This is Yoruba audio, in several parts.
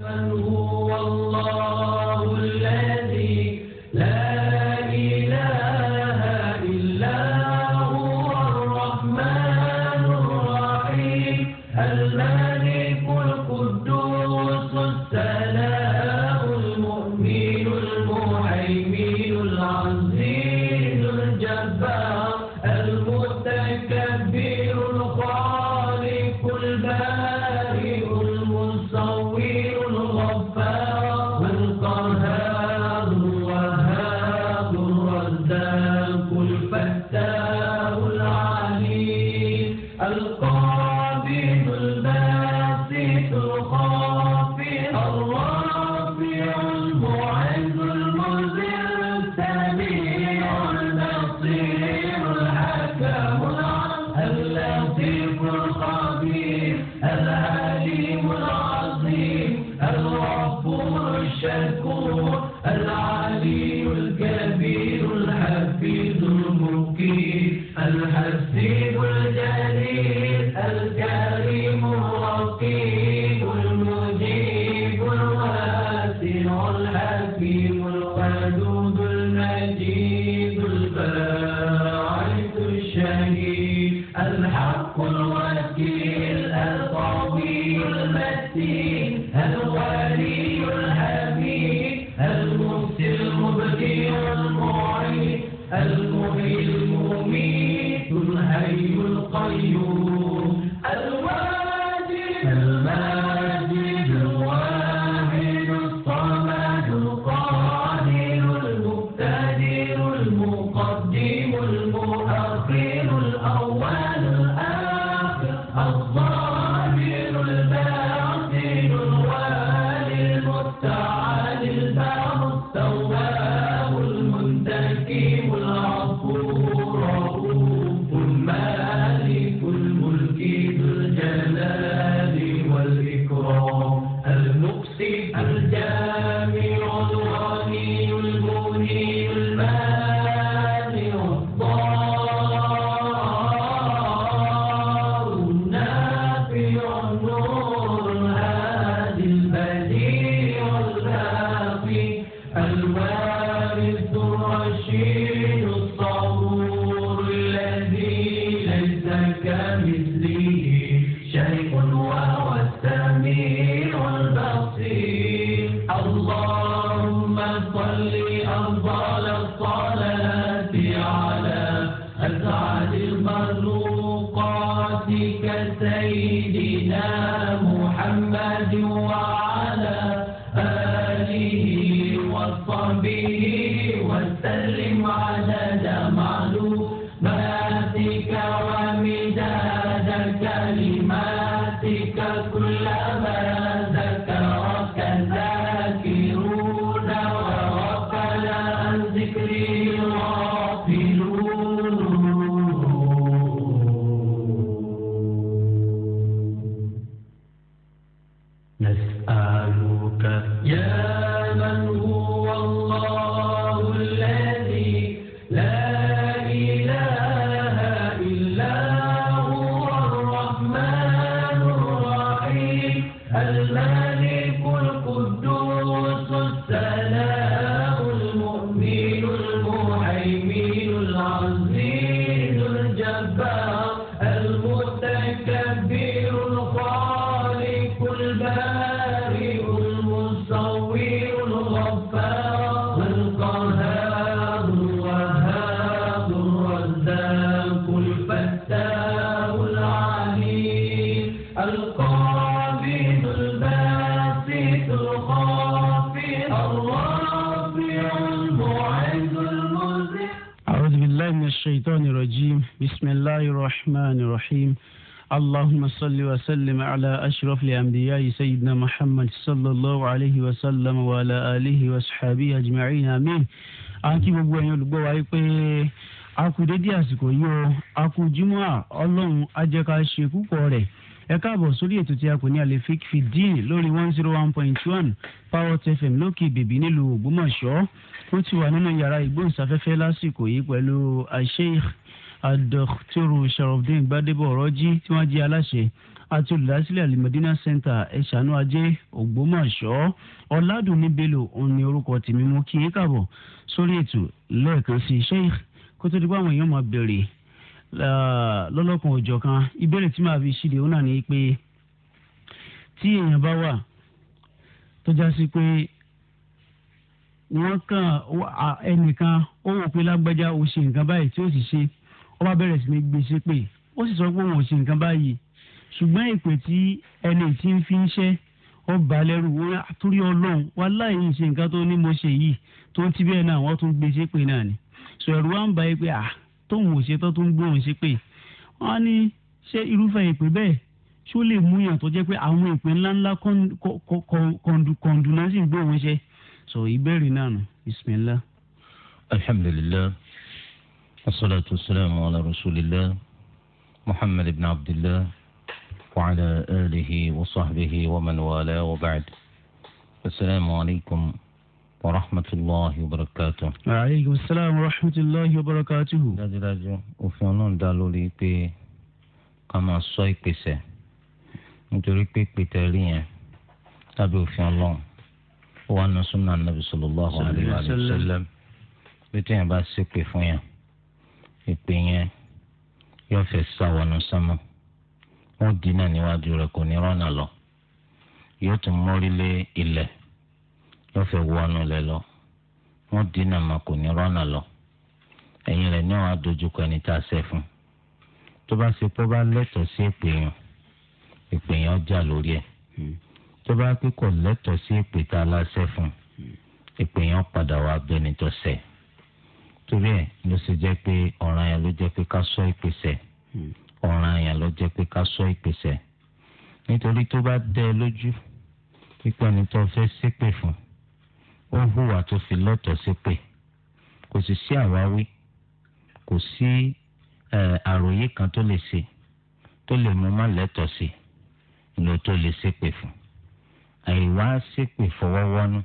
من هو الله الذي لا الحق الوكيل الطويل المتين صل أفضل الصلاة القابض الباسط الخافي الرافع المعز المذل أعوذ بالله من الشيطان الرجيم بسم الله الرحمن الرحيم اللهم صل وسلم على أشرف الأنبياء سيدنا محمد صلى الله عليه وسلم وعلى آله وصحبه أجمعين آمين àti gbogbo ẹ̀yin olùgbọ́ wa yìí pé a kú dédé àsìkò yìí o a kú jimoh ọlọ́run á jẹ́ ká ṣe púpọ̀ rẹ̀ ẹ káàbọ̀ sórí ètò tí a kò ní àlefik fìdíìn lórí one zero one point one power fm lókè bèbí nílùú Ògbómọ̀ṣọ́ ó ti wà nínú yàrá ìgbóhùnsáfẹ́fẹ́ lásìkò yìí pẹ̀lú Sheikh adọ́tírù sharafdin gbadebo ọ̀rọ́jì tí wọ́n jẹ́ aláṣẹ àti olùdásílẹ̀ alimọ̀dínà center ẹ̀ṣánú ajé Ògbómọ̀ṣọ́ ọ̀làdùnní bello òun ni orúkọ tèmi mú kí ẹ káàbọ̀ sórí ètò lẹ́ẹ̀kan sí Sheikh kó tó èèyàn máa bẹ̀rẹ̀ lọ́lọ́kan òjọ̀ kan ìbéèrè tí màá fi ṣíde òun náà ni pé tí èèyàn bá wà tó já sí pé wọ́n kàn ẹnìkan ó wò pé lágbájá ó ṣe nǹkan báyìí tí ó sì ṣe ó bá bẹ̀rẹ̀ sí ní gbé ṣe pé ó sì sọ pé òun ò ṣe nǹkan báyìí ṣùgbọ́n ìpè tí ẹni tí ń fi ń ṣẹ́ ó bà lẹ́rù wọn àtúrí ọlọ́run wà láì ń ṣe nǹkan tó ní mo ṣe yìí tó ti bẹ́ẹ̀ náà wọ́n tún gbé pé náà ni sọ ẹ̀rù wa ń ba pé ah tóun ò ṣe tó tó ń gbóhùn ṣe pé wọ́n ní ṣé irúfẹ́ ìpè bẹ́ẹ̀ ṣó lè mú yàn tó jẹ́ pé àwọn ìpè ńláńlá kọ̀ǹdù náà sì ń gbóhùn ṣe sọ ìbéèrè náà nù bisimilá. alhamdulilayi wasalaatu wasalaamu ala rasulillah muhammad ibn abdillah wa ala alihi wa sahbihi wa man wa ba'd asalaamu As warahmatulahi wabarakatu. aleykum salaam wa rahmatulahi wa barakatuhu. dájúdájú òfin ọlọ́run dá lórí pé ká máa sọ ìpèsè nítorí pé pété rí yẹn lábẹ́ òfin ọlọ́run ó wà nínú súnà nàbì sallallahu alayhi wa sallam bí téèyàn bá ṣépè fún yàn ìpè yẹn yóò fẹ́ sáwọnù sánmọ́ wọ́n dínà níwájú rẹ̀ kò ní rọ́nà lọ yóò tún mórí lé ilẹ̀ ló fẹ́ wọnú lẹ lọ wọ́n dínà mà kò ní rọ́nà lọ ẹ̀yìn rẹ̀ ní àwọn adójúkọ ẹni tá a ṣẹ̀ fún tó bá ṣe pọ́ bá lẹ́tọ̀ọ́ sí ìpèyàn ìpèyàn jà lórí ẹ̀ hmm. tó bá kíkọ̀ lẹ́tọ̀ọ́ sí ìpè tá a láṣẹ fún hmm. ìpèyàn padà wá bẹni tó ṣẹ̀ torí ẹ̀ ló ṣe jẹ́ pé ọ̀ràn yẹn ló jẹ́ pé ká sọ ìpèsè hmm. ọ̀ràn yẹn ló jẹ́ pé ká sọ ìpèsè nítorí tó bá dẹ́ lójú pípẹ́ ni tó fẹ́ ṣépè fún ó hùwà tó fi lẹ́tọ̀ọ́ sí pé kò sì sí àwáwí kò sí àròyé kan tó lè ṣe tó lè mú má lẹ́tọ̀ọ́ sí ló tó lè ṣépè fún àìwá ṣépè fọwọ́wọ́nú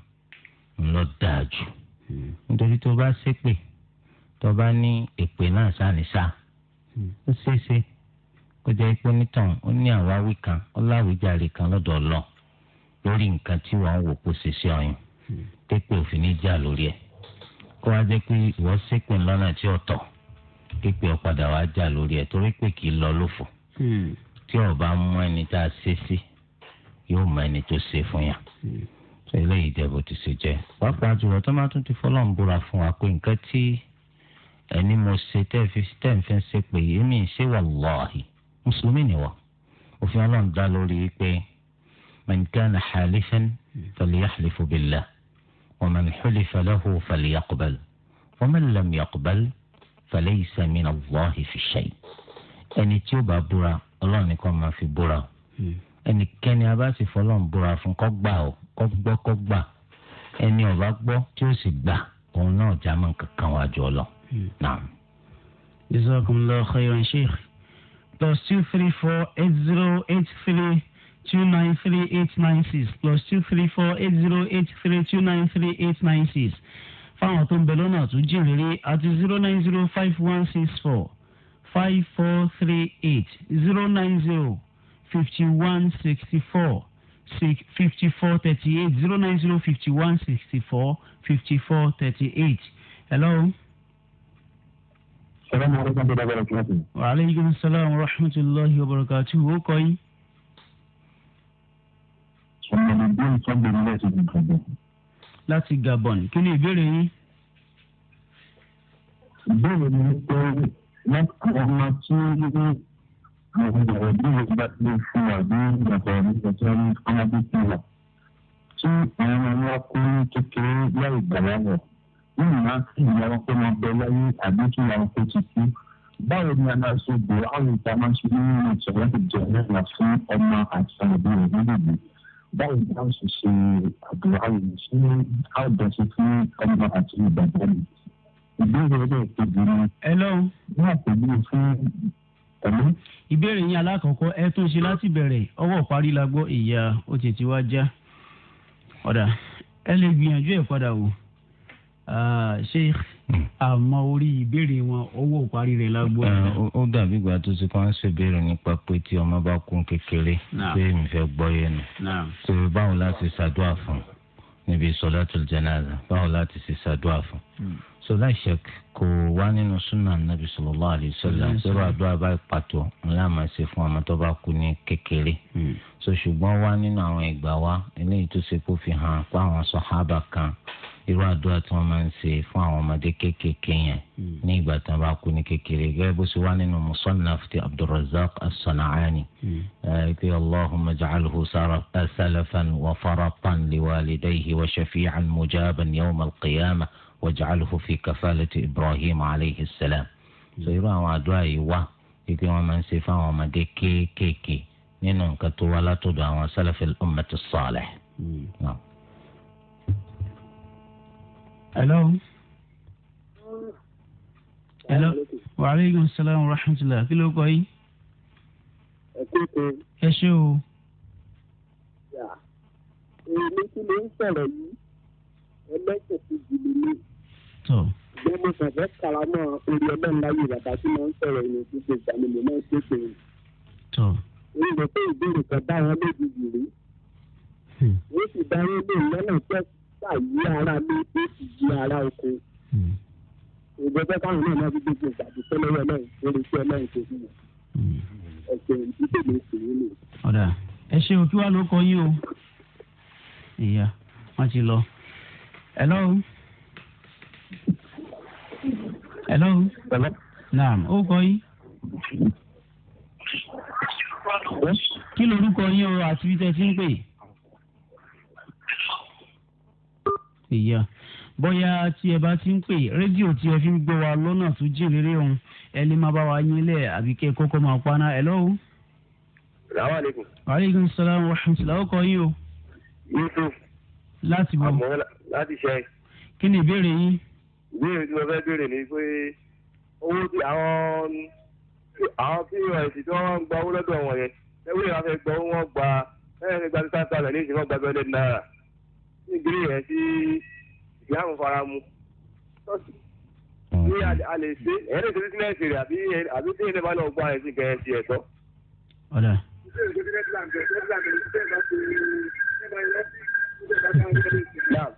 ló dáa jù hmm. nítorí tó bá ṣépè tó bá ní èpè náà sánisá hmm. ó ṣeéṣe kó jẹ́ pé onítàn ó ní àwáwí kan ó láwíjàre kan lọ́dọ̀ ọlọ́ lórí nǹkan tí wọ́n ń wò kó ṣe sí ọyàn pípé òfin ní jà lórí ẹ̀ kó wá jẹ́ pé ìwọ ṣépè lọ́nà tí ò tọ́ pípé ọ̀padà wá jà lórí ẹ̀ torí pé kì í lọ lófo hmm. tí o bá mú ẹni tá a ṣe sí yóò mọ ẹni tó ṣe fún yàn hmm. eléyìí jẹ bó ti ṣe jẹ. pàápàá jùlọ tó máa tún ti fọlọ́n búra fún wa pé nǹkan tí ẹni mo ṣe tẹ́ǹfẹ́ ṣe pé èmi ṣe wàláhì mùsùlùmí nìwọ òfin ọlọ́run dá lórí pé man kana halifan hmm. falyahlif ومن حلف له فليقبل ومن لم يقبل فليس من الله في شيء ẹni tí ó bá búra ọlọ́run nìkan máa fi búra o ẹnikẹ́ni a bá sì fọlọ́run búra fún kó gbà o kó gbọ́ kó gbà ẹni ó bá gbọ́ tí ó sì gbà òun náà já mọ́ kankan wá jọ lọ. jazakumullahu khairan sheikh plus two three four eight zero eight three two nine three eight nine six plus two three four eight zero eight three two nine three eight nine six fáwọn tó ń bẹ lọ́nà àtúnjì rere àti zero nine zero five one six four five four three eight zero nine zero fifty one sixty four fifty four thirty eight zero nine zero fifty one sixty four fifty four thirty eight. hello. salaamaleykum wa rahmatulahi wa barakatuhu o kọ́ yín ìyẹnì bí ìtọ́gbẹ̀mí láti Gabon. láti Gabon kí ni ìbéèrè yín. ìbéèrè mi pé láti ọmọ tí àwọn ìgbàgbọ́ bí wọ́n bá ti fún wa bí ìgbàgbọ́ mi kò tí wọ́n fún wa bí fún wa tí àwọn ọmọ ọkùnrin kékeré láì gbàgbọ́ wọ̀ nínú wa kí ìyàwó pé wọ́n bẹ láyé àbí kí ìyàwó pé ti kú báwo ni a máa ṣe bò àwọn ìta máa ṣe nínú ìṣòro àti ìjọba fún ọmọ àti àbúrò nígbàgbọ́ báwo ni wọ́n ṣe àdúrà yìí ṣé àìbọ̀ fún ọmọ àti ìbàdàn mi. ìbéèrè rẹ̀ kejì ni. ẹ lọ́wọ́. ní àpèjì fún ẹ̀mí. ìbéèrè yín alákọ̀ọ́kọ́ ẹ tún ṣe láti bẹ̀rẹ̀ ọwọ́ parí la gbọ́ ìyá ó ti ti wá já ọ̀dà ẹ lè gbìyànjú ẹ̀ padà wò ṣé ah, àmọ́ orí ìbéèrè wọn owó parí rẹ̀ lágbó. ó dàbí ìgbà tó ti kọ́ ń ṣèbéèrè nípa pé tí ọmọ bá kún kékeré pé èmi fẹ́ gbọ́ yẹn nù. tó báwo láti ṣàdúrà fún níbi sọ̀látùl jánásà báwo láti ṣe ṣàdúrà fún. Hmm. so láìsẹk kò wá nínú súnà nàbì sallallahu alaihi wasallam sọrọ hmm. àdúrà báyìí pàtó ńlá máa ṣe fún ọmọ tó bá kú ní kékeré hmm. so ṣùgbọ́n wá nínú àwọn ìgbà wa eléyìí tó ṣe kó fi hàn pé àwọn sàhábà kan irú àdúrà tí wọ́n máa ń ṣe fún àwọn ọmọdé kéékèèké yẹn ní ìgbà tí wọ́n bá kú ní kékeré gẹ́gẹ́ bó ṣe wá nínú musannaf ti abdulrazaq as-san'ani pé allahumma ja'alhu salafan wa faratan liwalidayhi wa shafi'an mujaban yawm al-qiyamah. واجعله في كفالة إبراهيم عليه السلام سيرا وعدوا يوا يكي وما سيفا وما كي كي كي نينو كتو ولا تدعى وسلف الأمة الصالح ألو ألو وعليكم السلام ورحمة الله كيلو كوي أشو يا ẹ ní ló ń sọ̀rọ̀ yìí ẹlẹ́sẹ̀ ti jù ní. gbọ́mọ kàfẹ́ kalamọ́ orí ọlọ́run láyé bàbá tí mo ń sọ̀rọ̀ ìlú gbogbo ìgbà ni mo máa ń ṣètò rẹ̀. ń lọ pé ìbéèrè kan bá wọn lójijì rí. ó hmm. sì dáwọ́ lé lọ́nà tó ṣàyí ara mi ó sì yí ara oko. Hmm. ìgbẹ́jọ́ káwọn náà máa fi gbogbo ìgbà tó tẹ́lẹ̀ ọ̀dà ẹ ṣe òkú wa ló kọ yí o ìyá wọn ti lọ ẹ lọ́rùn hello. hello. naam ó kọ yín. kí lorúkọ yín o àti bí tẹ́tí ń pè. ìyá bóyá tí ẹ bá ti ń pè rédíò tí ẹ fi ń gbọ́ wa lọ́nà tó jìn rere òun ẹ máa bá wa yín lẹ̀ àbí kẹ́ ẹ kọ́kọ́ máa paná hello. salaamaleykum. waaleykum salaam wa rahmatulah ó kọ yín o. yusuf. láti bọ̀. láti ṣe. kí ni ìbéèrè yín ìbéèrè tí mo fẹ́ béèrè ni pé owó tí àwọn àwọn pos tí wọ́n ń gba owó lọ́dọ̀ wọn yẹn ẹgbẹ́ yẹn wọ́n fẹ́ gbọ́ wọ́n gba ẹ̀yìn nígbà tí táwọn tàbí ẹ̀yìn wọ́n gba bẹ́ẹ̀ lẹ́nu náírà nígbèrè yẹn tí ìyá àwọn fara mu ní a lè ṣe ẹ̀yìn lè ṣe bísíǹnẹ̀sì rẹ̀ àbí àbí tí ìyẹn bá lọ gbọ́ àyẹ̀sí kẹ́ẹ̀ ti ẹ̀tọ́. ọ̀dà. Yeah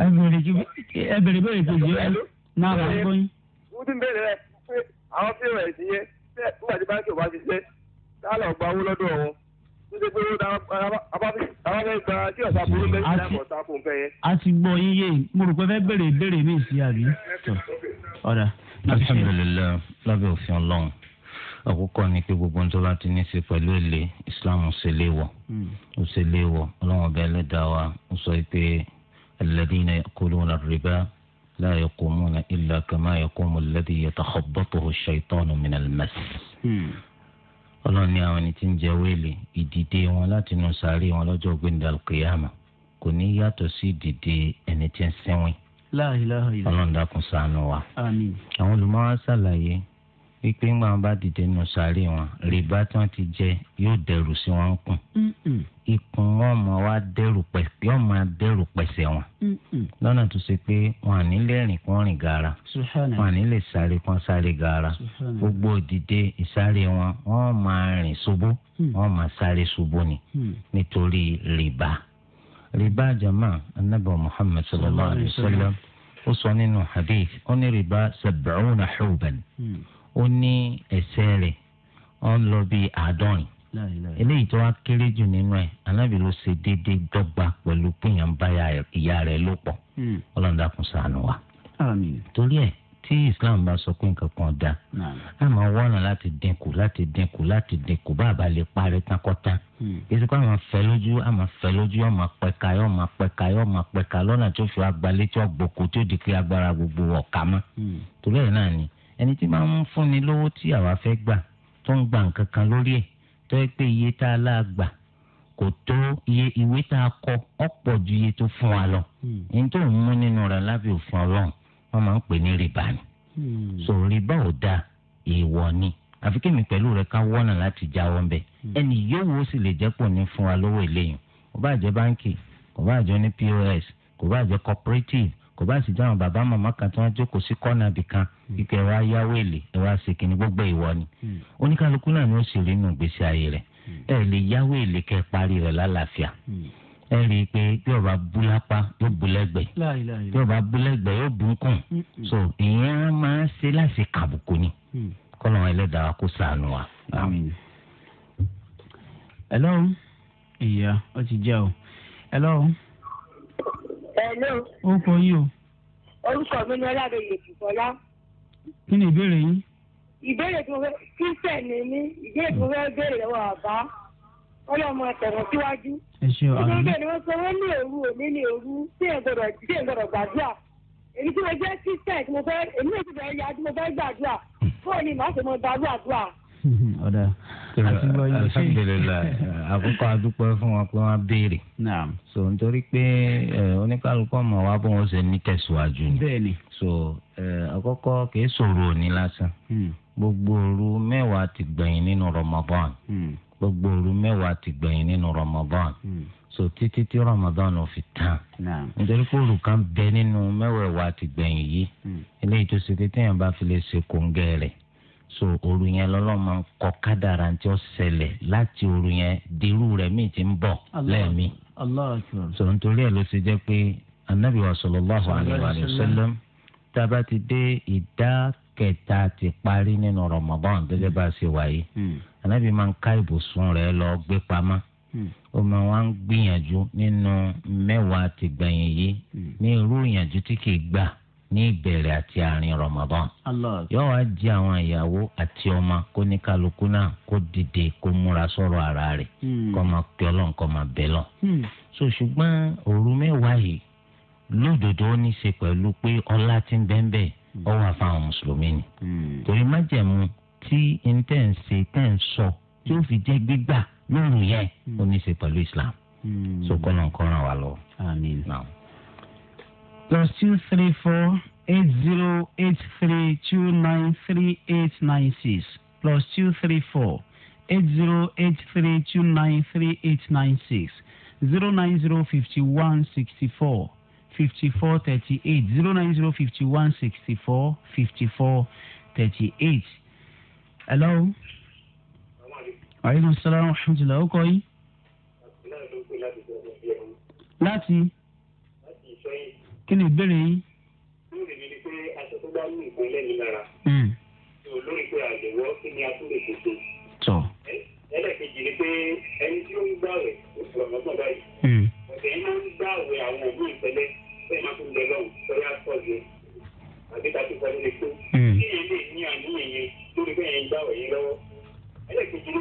ẹ bèrè ju ẹ bèrè bèrè ju ju ẹ náà bá ń gbóyún. wọ́n ti ń bèrè rẹ̀ pé àwọn fíìmù ẹ̀ ti yé nígbà tí báńkì ò bá ti ṣe tálọ̀ gba owó lọ́dọ̀ wọn tó ṣe pé ó da abáfẹ́ gba kí ọ̀sà burú bẹ́ẹ̀ ní àbọ̀ sáfù nǹkan yẹn. a ti gbọ́ yín yé mo rò pé fẹ́ bèrè ìbéèrè mi sí àbí. ọ̀dà. alhamdulilayi lábẹ́ òfin ọlọ́run àkókò ni pé gbogbo ohun tó bá ti ní í ṣe pẹ̀lú èlé islam ṣe léwọ̀ hmm. ó ṣe léwọ̀ ọlọ́run ọba ẹlẹ́dàá wa ó sọ pé الذين يأكلون الربا لا يقومون إلا كما يقوم الذي يتخبطه الشيطان من المس hmm. ọlọ́run ní àwọn ẹni tí ń jẹ wéèlì ìdìde wọn láti inú sàárè wọn lọ́jọ́ gbẹ̀ndà kìyàmà kò ní yàtọ̀ sí ìdìde ẹni tí ń sẹ́wìn. ọlọ́run dákun ṣàánú wa. àwọn olùmọ̀ọ́ ṣàlàyé pípé ńgbà wọn bá dìde nù sàárè wọn rìbá tí wọn ti jẹ yóò dẹrù sí wọn kùn ikùn wọn mọ wá dẹrù pẹsẹ yóò máa dẹrù pẹsẹ wọn lọ́nà tó ṣe pé wọn àní lè rìn kún rìn gaara wọn àní lè sáré kún sáré gaara gbogbo òdìdé ìsáré wọn wọn máa rìn ṣubú mm. wọn máa sáré ṣubú ni mm. nítorí rìbá rìbá jama anabi muhammad sallallahu alayhi wa sallam ó sọ nínú hadith ó ní rìbá sab'una huban. Hmm ó ní ẹsẹ̀ rẹ̀ ó ń lọ bí àádọ́rin eléyìí tó wá kéré jù nínú ẹ̀ anábì ló ṣe déédéé dọ́gba pẹ̀lú péyàn bá ìyá rẹ̀ ló pọ̀ hmm. ọlọ́run dákun ṣàánú wa. torí ẹ̀ tí islam bá sọ pé nǹkan kan da a máa wọ́nà láti dínkù láti dínkù láti dínkù bá a bá lè parí tákọ́tá èsì hmm. pé a máa fẹ́ lójú a máa fẹ́ lójú yóò máa pẹ̀ka yóò máa pẹ̀ka yóò máa pẹ̀ka lọ́nà tó fi agbalẹ̀ tí ó gbòkó tó di pé agbára gbogbo ọ̀ka mọ́ hmm. torí ẹ̀ náà ni ẹni tí máa ń fúnni lówó tí àwa fẹ́ gbà tó ń gba nǹkan kan lórí ẹ̀ tó yẹ pé iye tá a lá gbà kò tó iye ìwé tá a kọ ọ̀pọ̀ ju iye tó fún wa lọ hmm. ẹni tó ń mú nínú rẹ̀ lábẹ́ òfin ọlọ́run wọ́n máa ń pè ní rìbá ni hmm. so rìbá ò dáa èèwọ̀ ni àfi kémi pẹ̀lú rẹ̀ ká wọ́nà láti jáwọ́ ń bẹ̀ hmm. ẹni yòówó sì lè jẹ́ pọ̀ ní fún wa lówó eléyìí kò bá jẹ́ báńkì kò bá jẹ́ ní pos kò bá jẹ́ cooperative kò bá sì jẹ́ àwọn bàbá màmá kan tí wọ́n jókòó sí kọ́nà ibì kan ike hmm. wa yáwó èlé ẹ wá ṣe kìnnì gbogbo ìwọ ni hmm. oníkálukú náà ni ó sì rí inú ìgbésí ayé rẹ̀ hmm. ẹ lè yáwó èlé kẹ́ parí rẹ̀ lálàáfíà ẹ rí i pé bí ọba bú yóò bú lẹ́gbẹ̀ẹ́ bí ọba bú lẹ́gbẹ̀ẹ́ yóò bú kùn so ìyẹn máa ń ṣe láti kàbùkù ni kọ́nà ẹlẹ́dàá kó ṣàánú wa. ẹ lọ́run ìyá ó ti jẹ́ o ẹ lọ́run. hello. yi o. orúkọ mi ni ọlárẹ̀yẹ fìfọlá. ìbéèrè yín. ìbéèrè fẹ́ ìbéèrè fẹ́ béèrè lọ́wọ́ àbá ọlọ́mọ síwájú. ẹ ṣe ìbéèrè ni wọ́n sọ wọ́n ní òru òní ní òru tí gbọ́dọ̀ tí gbọ́dọ̀ gbàdúrà. tí mo jẹ́ ọ̀dà àti gbọ́yé ṣe. alhamdulilayi àkọ́kọ́ adúpẹ́ fún wọn pé wọ́n béèrè. so nítorí pé oníkálukú ọmọ wa bó wọn ṣe ní tẹ̀síwájú ni. bẹ́ẹ̀ni. so àkọ́kọ́ kìí sọ̀rọ̀ òní lásán. Hmm. gbogbo òru mẹ́wàá ti gbẹ̀yìn nínú Ramadan. Hmm. gbogbo òru mẹ́wàá ti gbẹ̀yìn nínú Ramadan. Hmm. so títí tí Ramadan ò fi tán. nítorí pé òru kan bẹ nínú mẹ́wàá ti gbẹ̀yìn yìí. eléyìí tó ṣe pé téèyàn bá fi lè ṣe kóńgẹ́ rẹ̀ so òru yẹn lọ́lọ́ máa ń kọ kádàrà tí ó ṣẹlẹ̀ láti òru yẹn dirú rẹ̀ míì ti ń bọ̀ lẹ́ẹ̀mí. so nítorí ẹ̀ ló ṣe jẹ́ pé anabi wa sallallahu alayhi wa sallam tá a bá ti dé ìdá kẹta ti parí nínú Ramadan gẹ́gẹ́ bá a ṣe wáyé hmm. anabi máa ń ká ibùsùn rẹ̀ lọ gbé pamọ́ hmm. ó máa wá ń gbìyànjú nínú mẹ́wàá ti gbẹ̀yìn yìí hmm. ní irú ìyànjú tí kì gbà. Mm ní ìbẹ̀rẹ̀ àti àárín Ramadan yóò wá jí àwọn ìyàwó àti ọmọ kó ní kálukú náà kó dìde kó múra sọ̀rọ̀ ara rẹ̀ hmm. kó máa pẹ́ lọ́n kó máa bẹ̀ lọ́n. Hmm. so ṣùgbọ́n òru mẹ́wàá yìí lódodo ó ní í ṣe pẹ̀lú pé ọlá ti ń bẹ́ẹ̀ bẹ́ẹ̀ ọ wà fáwọn mùsùlùmí ni hmm. torí májẹ̀mú tí intense tẹ̀ ń sọ tí ó fi jẹ́ gbígbà lóru yẹn ó ní í ṣe pẹ̀lú Islam so kọ́ lọ́n kọ́ ràn wá lọ. àmín. Naam plus two three four eight zero eight three two nine three eight nine six plus two three four eight zero eight three two nine three eight nine six zero nine zero fifty one sixty four fifty four thirty eight zero nine zero fifty one sixty four fifty four thirty eight. hello. aleykum salaam wa kí ni ìbéèrè yín. ìbéèrè mi ni pé aṣọ tó bá ní ìpínlẹ̀ mi lára. yóò hmm. lórí pé àlèwọ́ kí ni a tún lè ṣètò. tọ. ẹlẹ́kejì ni pé ẹni tí ó ń gbàwẹ̀ oṣù ọ̀nàmọ́gbọ̀n báyìí. Hmm. ọ̀sẹ̀ yìí máa ń gbàwẹ̀ àwọn òbí ìfẹ́lẹ́ fẹ́ẹ́ máa tún lọ lọ́hùn sọ́yà sọ́ọ̀dù àbí tàbí sọ́ọ̀dù lè tó. kí ni ilé ní àníyàn yẹn lórí pé ẹ̀yin gbàwẹ̀ yín lọ́wọ́. ẹlẹ́kejì ni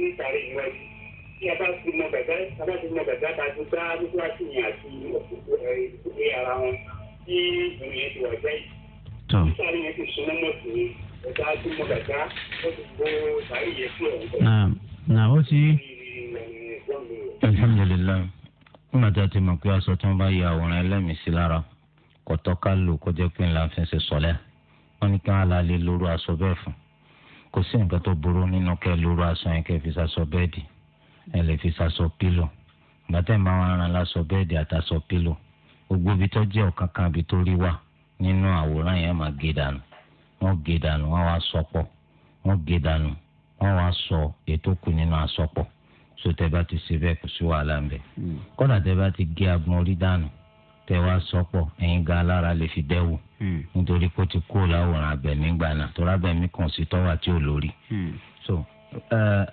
ni pé nọ́ọ̀sì tí a bá ti mọ bàbá a bá ti mọ bàbá ta ti gbá nígbà tí yẹn àti ìdílé ara wọn tí ìrìn yẹn ti wà jẹ́ yìí nígbà tí yẹn ti súnmọ́ mọ̀ sí i ọ̀gá ti mọ bàbá ó ti gbó sàárì yẹn sí ọ̀hún. nà ó ti alhamdulilayi nígbà tí a ti mọ̀ pé aṣọ tí wọ́n bá ya àwòrán ẹlẹ́mìí sí lára kò tọ́ka lò kọjá pé ńlá fi ṣe sọ̀lẹ́ wọ́n ní kí wọ́n á la lè lóru aṣọ bẹ́ẹ̀ fún kò sí nǹkan tó burú nínú kẹ́ lóru aṣọ yẹn kẹ́ fi ṣaṣọ bẹ́ẹ̀ dì í ẹ lè fi sasọ pílò gbàtẹ́ ìmọ̀ àwọn aràn lásọ bẹ́ẹ̀dì àtàsọ pílò gbogbo ibi tó jẹ́ ọ̀kan kan ibi tó rí wà nínú àwòrán yẹn máa gé dànù wọ́n gé dànù wọ́n wá sọ pọ̀ wọ́n gé dànù wọ́n wá sọ ètò kù nínú asọ́pọ̀ so tẹ́ bá ti ṣe bẹ́ẹ̀ kò sí wàhálà ń bẹ. Hmm. kọ́nà tẹ́ bá ti gé agbọn orí dànù tẹ́ wá sọ́pọ̀ ẹ̀yin gan alára lè fi dẹ́wù hmm. nítorí kó ti kó láwòrán abẹ̀mí gbàna tó rábẹ̀mí kàn sí tọ́wà tí ò lórí. Hmm. so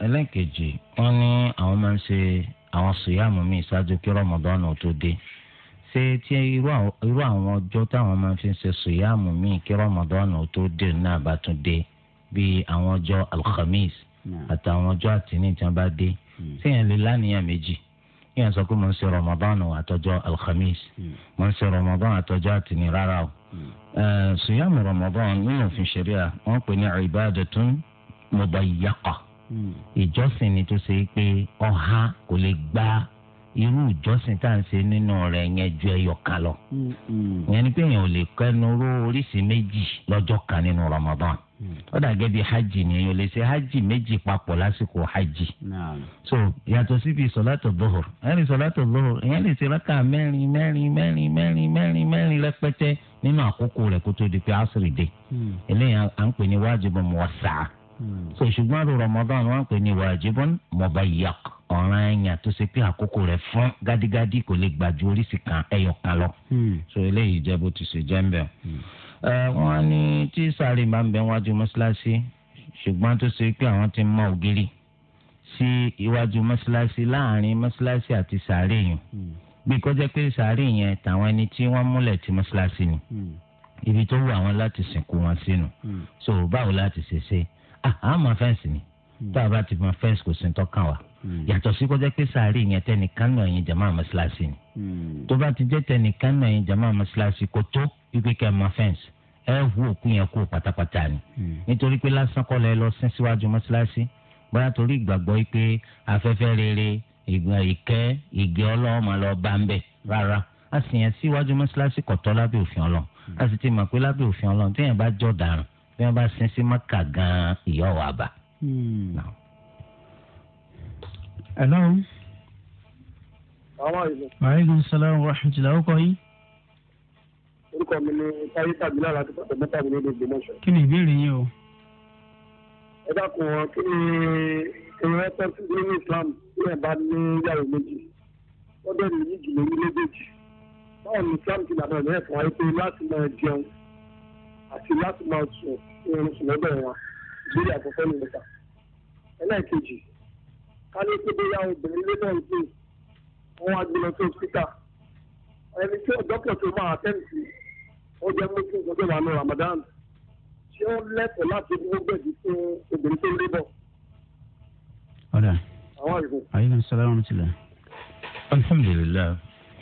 ẹlẹ́ẹ̀kejì wọ́n ní àwọn máa ń ṣe àwọn sùyàmù míì ṣáájú kí Ramadan ó tó dé ṣé tí irú àwọn ọjọ́ táwọn máa fi ń ṣe sùyàmù míì kí Ramadan ó tó dé náà bá tún dé bíi àwọn ọjọ́ alhamis hmm. àtàwọn ọjọ́ àtìní tí wọ́n bá dé hmm. ṣéyàn lè lánìyàn méjì yíyan sọ pé mo ń ṣe Ramadan àtọjọ́ alhamis mo hmm. ń ṣe Ramadan àtọjọ́ àtìní rárá o sùyàmù Ramadan nínú òfin ṣẹ̀ríà wọ́n pè ní ibadatun mudayyaqah Hmm. ìjọsìn ni tó ṣe pé ọha kò lè gba irú ìjọsìn tá à ń ṣe nínú rẹ yẹn ju ẹyọ kan lọ hmm. yẹn ni pé èèyàn ò lè kẹnu ró oríṣìí méjì lọ́jọ́ kan nínú Ramadan hmm. ó dàgẹ́ bí hajj ni èèyàn lè ṣe hajj méjì papọ̀ lásìkò hajj so yàtọ̀ síbi sọ̀látọ̀ dọ́hùr ẹ̀rí sọ̀látọ̀ dọ́hùr èèyàn lè ṣe rákà mẹ́rin mẹ́rin mẹ́rin mẹ́rin mẹ́rin mẹ́rin rẹpẹtẹ nínú àkókò rẹ̀ kó tó di pé àṣírí dé eléyà à ń pè ní wájibun muwassa'a ṣùgbọ́n àrò Ramadan wọn pè ní wajibun mubayyak ọ̀ràn ẹ̀yàn tó ṣe pé àkókò rẹ̀ fún gádígádí kò lè gbàjú oríṣi kan ẹyọ kan lọ. Hmm. so eléyìí jẹ́ bó ti ṣe jẹ́ ń bẹ̀. Hmm. wọ́n ní tí sáré máa ń bẹ wájú mọ́ṣáláṣí ṣùgbọ́n tó ṣe pé àwọn ti mọ ògiri sí iwájú mọ́ṣáláṣí láàrin mọ́ṣáláṣí àti sáré yẹn hmm. bí kò pé sáré yẹn tàwọn ẹni tí wọ́n múlẹ̀ ti mọ́ṣáláṣí ni ibi tó wù àwọn láti sìnkú wọn sínú so báwo láti ṣe ṣe àmọ́ fẹ́ǹsì ni hmm. tá a bá ti mọ fẹ́ǹsì kò sí tọ́kàn wa hmm. yàtọ̀ sí kọjá pé sàárì yẹn tẹnìkan náà yẹn jàmáà mọ́ṣáláṣí ni hmm. tó bá ti jẹ́ tẹnìkan náà yẹn jàmáà mọ́ṣáláṣí kò tó wípé kẹ́ ẹ fẹ́ǹsì ẹ hu òkú yẹn kú pátápátá ni nítorí pé lásán kọ́ lẹ lọ sí síwájú mọ́ṣáláṣí bóyá torí ìgbàgbọ́ pé afẹ́fẹ́ rere ìgbà ìkẹ́ ìgẹ́ ọlọ́mọ lọ bá ń bẹ̀ rárá a sì yẹn síwájú mọ́ṣáláṣí kọ̀tọ́ lábẹ́ òfin ọlọ́run a sì ti mọ̀ pé lábẹ́ òfin ọlọ́run téèyàn bá jọ̀ dáràn bí wọ́n bá sin sí mọ́kà gan-an ìyá ọ̀wà bá. Hmm. hello. maaleykum salaam wa rahmatulah ọkọ yìí. orúkọ mi ni táyé tàbílà láti pàtó mẹ́ta mi lóde ìgbìmọ̀ṣọ́. kí ni ìbéèrè yín o. ẹ dákun wọn kí ni ìrìn ẹsẹ tí nínú Islam bí ẹ bá ní yàrá méjì wọ́n bẹ̀rẹ̀ yìí jùlọ ní méjèèjì báwo ni Islam ti dàbọ̀ ní ẹ̀fọ́ ayé pé láti máa jẹun àti láti máa sùn irun sùn lọ́dọ̀ wọn lórí àkọ́kọ́ ní lẹ́tà. ẹlẹ́ẹ̀kejì ká ní pé bóyá obìnrin lébọ̀ ń pè wọ́n wá gbé lọ sí òkúta ẹni tí dókítà tó máa àtẹ́ǹtì ó jẹ́ mọ́tò ìgbọ́dọ̀ wà ní Ramadan ṣé ó lẹ́tọ̀ọ́ láti mú gbẹ̀dì fún obìnrin tó lébọ̀. ọ̀dà aleykum salaam wa rahmatulah. alhamdulilayi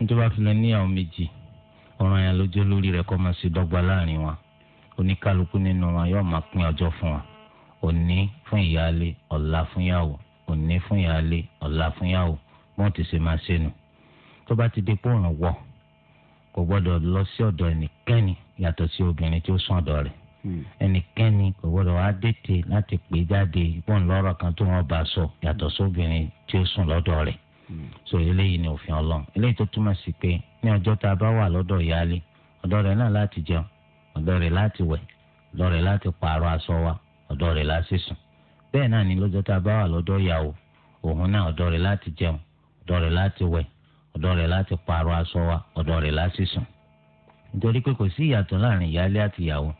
n tó bá fi lè ní àwọn méjì ọ̀ràn yẹn lójó lórí rẹ̀ kọ́ máa ṣe dọ́gba láàrin wa oníkálukú nínú wa yóò máa pín ọjọ́ fún wa òní fún ìyáálé ọ̀la fún yàwó òní fún ìyáálé ọ̀la fún yàwó bọ́n ti ṣe máa ṣe nù tó bá ti di pòrùn wọ kò gbọ́dọ̀ lọ sí ọ̀dọ̀ ẹnikẹ́ni yàtọ̀ sí obìnrin tí ó sún ọ̀dọ̀ rẹ̀ hmm. ẹnikẹ́ni kò gbọ́dọ̀ wá dètè láti pè jáde bọ́n lọ́rọ̀ kan tó wọ́n bá sọ yàtọ̀ sí obìnrin tí ó sùn lọ́dọ̀ rẹ̀ hmm. so eléyìí ni òfin ọlọ́run eléyìí tó túmọ̀ sí pé ní ọjọ́ tá a bá wà lọ́dọ̀ ìyáálé ọ̀dọ̀ rẹ̀ náà láti jẹun ọ̀dọ̀ rẹ̀ láti wẹ̀ ọ̀dọ̀ rẹ̀ láti pààrọ̀ aṣọ wa ọ̀dọ̀ rẹ̀ láti sùn bẹ́ẹ̀ náà ni lọ́jọ́ tá a bá wà lọ́dọ̀ ìyàwó òun náà ọ̀dọ̀ rẹ̀ láti jẹun ọ̀dọ̀ rẹ̀ láti wẹ̀ ọ̀dọ̀ rẹ̀ láti pààrọ̀ aṣọ wa ọ̀dọ̀ rẹ̀ láti sùn nítorí pé kò sí ìyàtọ̀ láàrin ìyáálé àti ìyàwó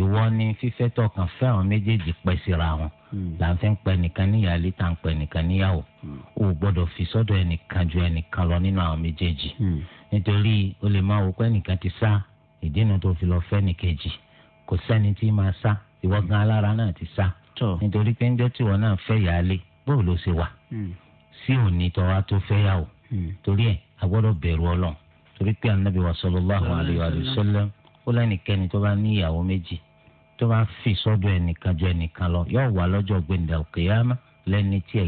ìwọ ni fífẹ́ fẹ́ àwọn méjèèjì pẹ́ síra hmm. là ń fẹ́ nìkan tá ìdí nu tó fi lọ fẹ́ nìkejì kò sẹ́ni tí máa sá ìwọ hmm. gan alára náà ti sá nítorí pé ńjọ́ tí wọ́n náà fẹ́ yàálé bóò ló ṣe wà hmm. sí òní tó tó fẹ́ yà ó hmm. torí ẹ̀ a gbọ́dọ̀ bẹ̀rù ọlọ́run torí pé wa wa ó lẹ́nìkẹ́ni tó bá fi sọ́dọ̀ ẹnìkan ẹnìkan lọ yóò wà lọ́jọ́ lẹ́ni tí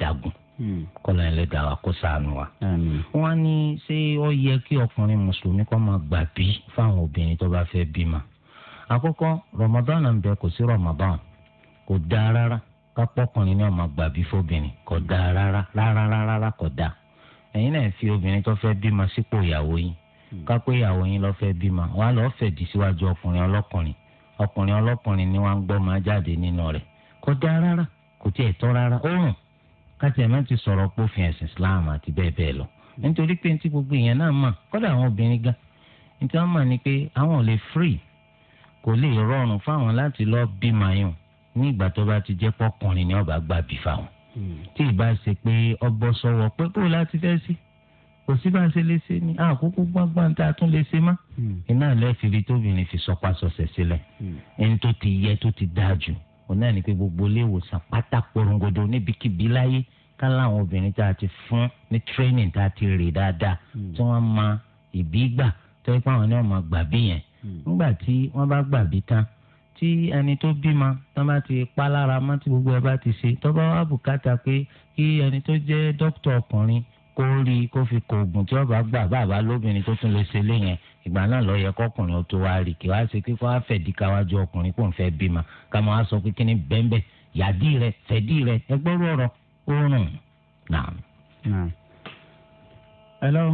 dagun Hmm. kọ́nà ẹlẹ́dàá wa kó ṣàánú wa. wọ́n ní ṣé ọ yẹ kí ọkùnrin mùsùlùmí kọ máa gbà bí fáwọn obìnrin tó bá fẹ́ bímọ. àkọ́kọ́ bẹ kò sí rọmọdán kò dá rárá kápọ́kùnrin náà máa gbà bí fóbìnrin kò rárá rárá kò ẹ̀yin náà fi obìnrin tó fẹ́ bímọ sípò ìyàwó yín hmm. kápẹ́ ìyàwó yín fẹ́ lọ́ọ́ ni wọ́n gbọ́ máa jáde nínú rẹ̀ kò káti ẹ̀ má ti sọ̀rọ̀ pófin ẹ̀sìn islam àti bẹ́ẹ̀ bẹ́ẹ̀ lọ nítorí pé tí gbogbo èèyàn náà mà kọ́dà àwọn obìnrin gan nítorí wọn mà ní pé àwọn ò lè free kò lè rọrùn fáwọn láti lọ bímọ ayọ̀ ní ìgbà tó bá ti jẹ́ pọ́kùnrin ni ọba gbà bí fáwọn hmm. tí ìbá ṣe pé ọbọ sọwọ pé kó láti fẹ́ sí kò sí bá ń ṣe ni àkókò gbọ́ngbọ́n tá a tún lè ṣe mọ́ hmm. iná lẹ́ẹ̀fì rí tóbìnrin fi sọpasọ̀sẹ̀ sílẹ̀ hmm. ẹni tó ti yẹ tó ti dáa jù òun ni ní pé gbogbo ilé ìwòsàn pátá porongodo níbikíbi láyé ká láwọn obìnrin tá a ti fún ní training tá a ti rè dáadáa hmm. tí wọ́n mọ ìbí gbà tó yẹ pé àwọn ni wọ́n mọ gbà bí yẹn hmm. nígbà tí wọ́n bá gbà bí tán tí ẹni tó bímọ tó bá ti pa lára mọ́ tí gbogbo ẹ bá ti ṣe tó bá wà bùkátà pé kí ẹni tó jẹ́ dókítà ọkùnrin kó rí kó fi kò oògùn tí wọ́n bá gbà bá àbá lóbìnrin tó tún lè ṣe lé ìgbà náà lọ yẹ kọkùnrin ó tó wá rí kí wàá ṣe pé kó wá fẹ̀dí káwájú ọkùnrin kó ń fẹ́ bímọ ká máa sọ pé kí ni bẹ́ńbẹ́ yàdí rẹ fẹ̀dí rẹ ẹgbẹ́rú ọ̀rọ̀ oorun náà. hello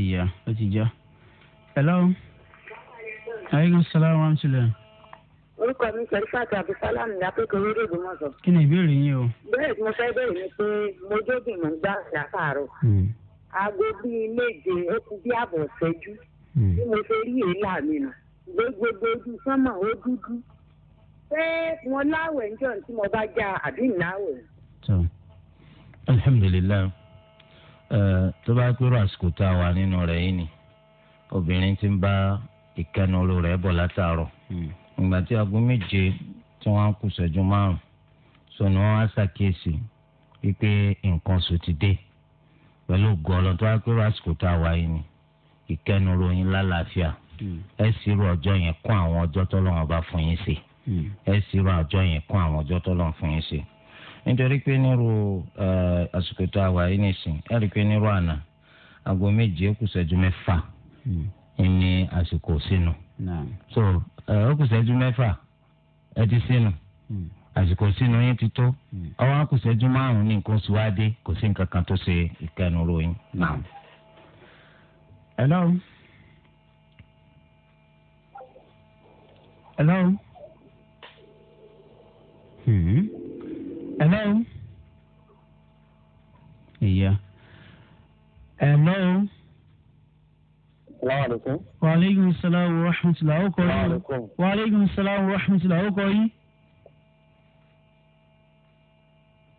ìyá ó ti já hello aleykum salaam wa rahmatulah orúkọ mi sẹrífàtì abdulsalam ní akẹ́kọ̀ọ́ orí Ògbómọ̀ṣọ́. kí ni ìbéèrè yín o. bẹ́ẹ̀ mo fẹ́ bẹ̀rẹ̀ ni pé mo jókòó mọ gbà láàárọ̀. Hmm aago bíi méje ó kù bí àbọ̀ ṣẹ́jú hmm. bí mo ṣe rí èélà mi nù gbogbogbò ojú sánmà ó dúdú pé wọn láwẹ̀ ń jọ̀ tí mo bá já àbí ìnáwẹ̀. alhamdulilayi tó bá pẹ́rọ àsìkò tá a wà nínú rẹ̀ yìí ni obìnrin ti ń bá ìkẹnuru rẹ̀ bọ̀ látàárọ̀ hmm. ìgbà tí aago méje tí wọ́n á kù ṣẹ́jú márùn-ún sọ ni wọ́n á ṣàkíyèsí wípé nǹkan oṣù ti dé pẹ̀lú ògùn ọlọ́tọ́ akérò àsìkò tá a wà yìí ni ìkẹnu ròyìn lálàáfíà hmm. ẹ sì rú ọjọ́ yẹn kún àwọn ọjọ́ tọ́lọ́run bá fún yín ṣe hmm. ẹ sì rú ọjọ́ yẹn kún àwọn ọjọ́ tọ́lọ́run fún yín ṣe nítorí pé nírú àsìkò tá a wà yìí nìsín ẹ rí i pé nírú àná aago méje ó kù mẹ́fà hmm. ní àsìkò sínú so ó kù ṣẹ́jú mẹ́fà ẹ ti sínú àsìkò sínú yín ti tó hmm. ọwọ́ àkùsẹ́jú márùn-ún ní nǹkan oṣù wáá dé kò sí nǹkan kan tó ṣe ìkẹnu ròyìn. Hmm. hello. hello. Hmm. hello. ìyá. hello. wàhálà. wàhálà ìgbìmọ̀ sàlámù rahmatulah ó kọ́ yín. wàhálà ìgbìmọ̀ sàlámù rahmatulah ó kọ́ yín.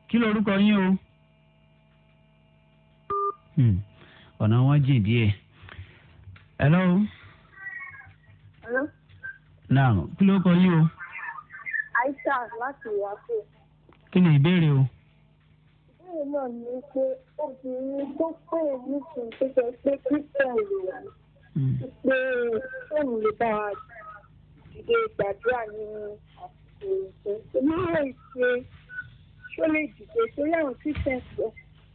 kí lorúkọ yín o. Hmm. ọ̀nà wọn jìn díẹ̀. hello. hello. naam kí ló kọ yín o. aisha láti ìyàpò. kí ni ìbéèrè o. ìbéèrè náà ni pé obìnrin tó pè mí sùn tó sọ pé christian lè wà hmm. pé fóònù lè bá wa dìde gbàdúrà nínú àsìkò ìṣe. ìṣe. tó lè dìbò sórí àwọn christian sọ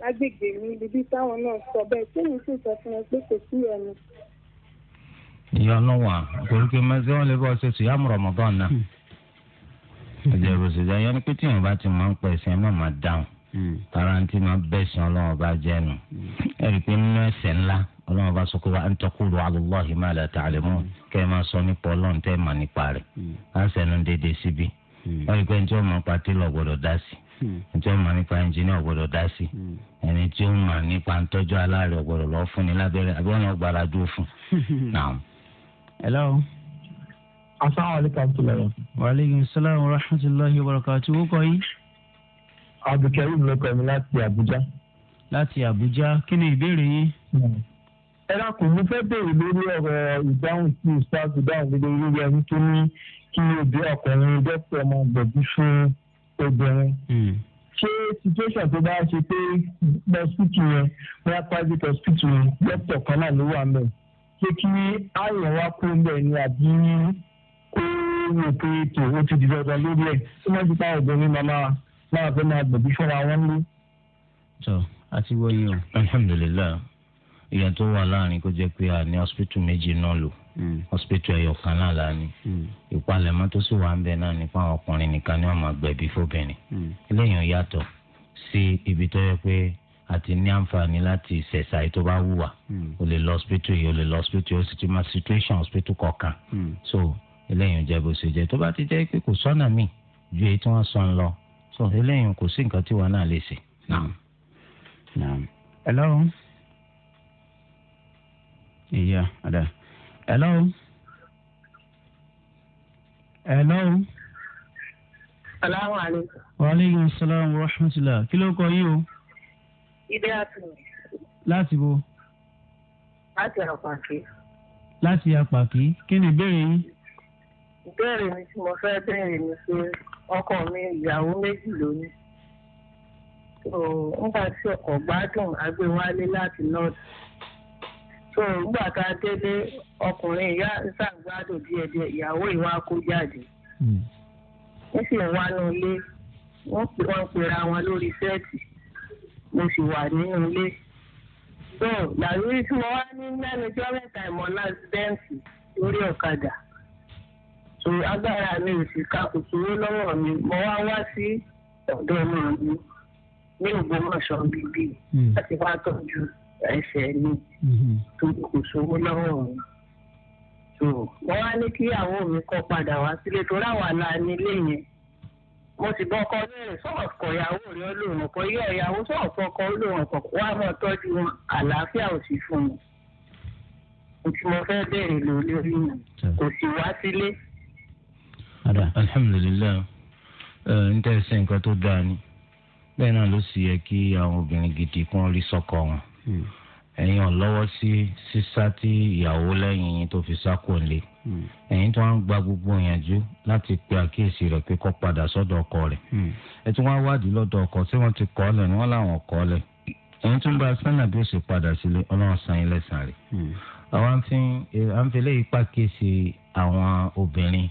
lágbègbè mi níbi táwọn náà sọ bẹ́ẹ̀ tí èmi sì sọ fún wọn pé kò sí ẹnu. ìyá ọlọ́wà àkórúkẹ́ mẹ́sẹ̀ wọn lè bọ́ ṣe sùn yàmù rọ̀mọ́bọ́n náà ẹ̀jẹ̀ ròṣèjà yẹn ni pé tíyẹn bá ti máa ń pẹ̀ hmm. sí hmm. ẹ máa dáhùn tarantí máa bẹ̀sẹ̀ ọlọ́wọ́n bá jẹ́ nu ẹ̀rí pé nínú ẹ̀ṣẹ̀ ńlá bá Hmm. ǹjẹ́ ó mọ̀ nípa ẹnjìníà ọ̀gbọ́dọ̀ dá sí hmm. ẹni tí ó mọ̀ nípa ntọ́jú aláàrẹ̀ ọ̀gbọ́dọ̀ lọ́ọ́ fún ni lábẹ́rẹ́ àbí ọ̀nà ọgbàrá dúró fún un. hello. asalaamualeykum. waaleykum salaam wa rahmatulahi wa barakatu. o kọ yín. abdulkareem ló kọ mi láti abuja. láti abuja kí ni ìbéèrè yín. Hmm. ẹ dákun mo fẹ́ béèrè lórí ọ̀rọ̀ ìdáhùn sí ìsáàbù dáhùn lórí ẹni tó ní kí obìnrin ọkùnrin dẹ́pọ̀ ọmọ gbẹ̀bí fún obìnrin hmm. ṣé situation tó bá ṣe pé hospital yẹn bóyá private hospital yẹn doctor kan náà ló wà mẹ́ ṣé kí àyàn wá kó ń bẹ̀ ni àbí kó rò pé ètò ó ti di dandan lórí ẹ̀ tí wọ́n ti táwọn obìnrin màmá máa fẹ́ máa gbẹ̀bí fúnra wọn lé. sọ àti wọ́yé o. alhamdulilayi ìyàtọ̀ wà láàrin kó jẹ́ pé a ní hospital méjì náà lò. Mm. hospital ẹyọ kan náà la ni mm. ìpalẹ̀mọ́ tó sì wà ń bẹ náà nípa àwọn ọkùnrin nìkan ni wọ́n máa gbẹ̀bí fóbìnrin mm. eléyìí ò yàtọ̀ sí ibi tó yẹ pé àti ní àǹfààní láti ṣẹ̀ṣà yìí tó bá wùwà o lè lọ hospital yìí o lè lọ hospital yìí o sì ti máa situation hospital kọ̀ọ̀kan so eléyìí ò jẹ́ bó ṣe jẹ́ tó bá ti jẹ́ pé kò sọ́nà míì ju èyí tí wọ́n sọ ń lọ so eléyìí kò sí nǹkan tí wọn náà lè ṣe. ẹ lọ́rùn. ìyá ọ̀dà hello. hello. salaamaleykum. waaleykum salaam wa rahmatulah kí ló kọ yín o. ìdí àtúnyẹ. láti bo. láti àpàkì. láti àpàkì kí ni ìbéèrè yín. ìbéèrè mi tí mo fẹ́ béèrè ni pé ọkọ mi ìyàwó méjì lónìí nígbà tí ọkọ gbádùn agbéwálé láti north so nígbà tá a délé ọkùnrin ìyá ṣàgbádùn díẹ̀díẹ̀ ìyàwó ìwà kó jáde hmm. ó sì ń wá ilé wọn lórí mo sì wà nínú ilé so làlórí tí wá ní lẹ́nu jọ́ ìmọ̀ so agbára mi ò sì ka kò sówó mi mo wá wá sí mi ní bíbí hmm. láti wá ẹsẹ̀ ni mm-hmm. tó kò sówó lọ́wọ́ òun tó wọ́n wá ní kí àwọn mi kọ́ padà wá sílé tó ráwà la nílé yẹn mo sì bọ́ ọkọ bẹ́ẹ̀ sọ̀kọ̀ ìyàwó rẹ̀ olóòrùn kọ yẹ ìyàwó sọ̀kọ̀ ọkọ olóòrùn kọ wá mọ̀ tọ́jú wọn àlàáfíà ò sì fún un mo ti mọ fẹ́ bẹ̀rẹ̀ lórí yẹn kò sì wá sílé. alhamdulilayi ẹ n tẹ́ ẹ sẹ́yìn kan tó dáa ni bẹ́ẹ̀ náà ló sì yẹ kí àwọn obìnrin gidi kún rí sọ́kọ wọn. Hmm. ẹ̀yin ò lọ́wọ́ sí sísá tí ìyàwó lẹ́yìn yín tó fi sá kò lé hmm. ẹ̀yin tó ń gba gbogbo ìyànjú láti pe àkíyèsí rẹ̀ pé kó padà sọ́dọ̀ ọkọ rẹ̀ hmm. ẹ̀ tí wọ́n á wádìí lọ́dọ̀ ọkọ tí wọ́n ti kọ́ lẹ̀ ni wọ́n láwọn kọ́ lẹ̀ ẹ̀yin tó ń bá sánà bí ó ṣe padà sílé ọlọ́run san ilẹ̀ rẹ̀ àwọn àǹfẹ̀lẹ́ yìí pàkíyèsí àwọn obìnrin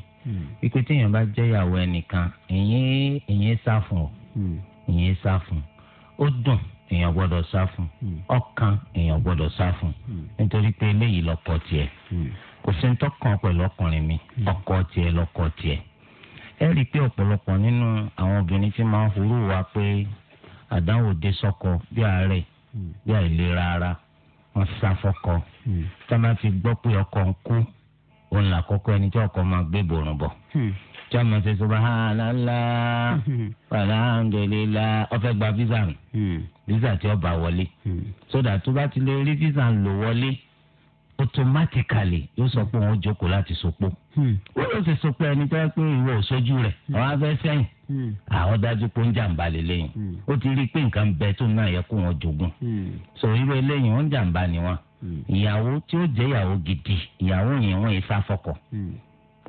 wípé téèyàn bá jẹ́ ìyàwó ẹnìkan ẹ̀yin ẹ̀yin sá fún ọ ó dùn èèyàn gbọ́dọ̀ sá fún hmm. ọkàn èèyàn gbọ́dọ̀ sá fún hmm. nítorí pé eléyìí lọkọ tiẹ̀ hmm. kò sí ní tọkàn pẹ̀lú ọkùnrin mi ọkọ tiẹ̀ lọkọ tiẹ̀ ẹ rí i pé ọ̀pọ̀lọpọ̀ nínú àwọn obìnrin tí máa ń hurú wa pé àdánwò dé sọ́kọ bí àárẹ̀ bí àìlera ara wọn sá fọ́kọ tá a máa fi gbọ́ pé ọkọ ń kú òun làkọ́kọ́ ẹni tí ọkọ máa gbé bòrùn bọ̀. Hmm tí a máa ṣe subhanallah hmm. gba visa nù hmm. visa tí ó wọlé hmm. so that tó bá ti lè rí visa ń lò wọlé automatically yóò sọ pé òun jókòó láti sopó wọ́n yóò ṣe sopó ẹni tó yẹ pé ìwọ òṣojú rẹ̀ àwọn afẹ́ sẹ́yìn àwọn dájú pé ó ń jàǹbá lélẹ́yìn ó ti rí i pé nǹkan bẹ tó náà yẹ kó wọn jogún so irú eléyìí ó ń jàǹbá ni wọn ìyàwó tí ó jẹ́ ìyàwó gidi ìyàwó yẹn wọ́n yẹn sáfọkọ̀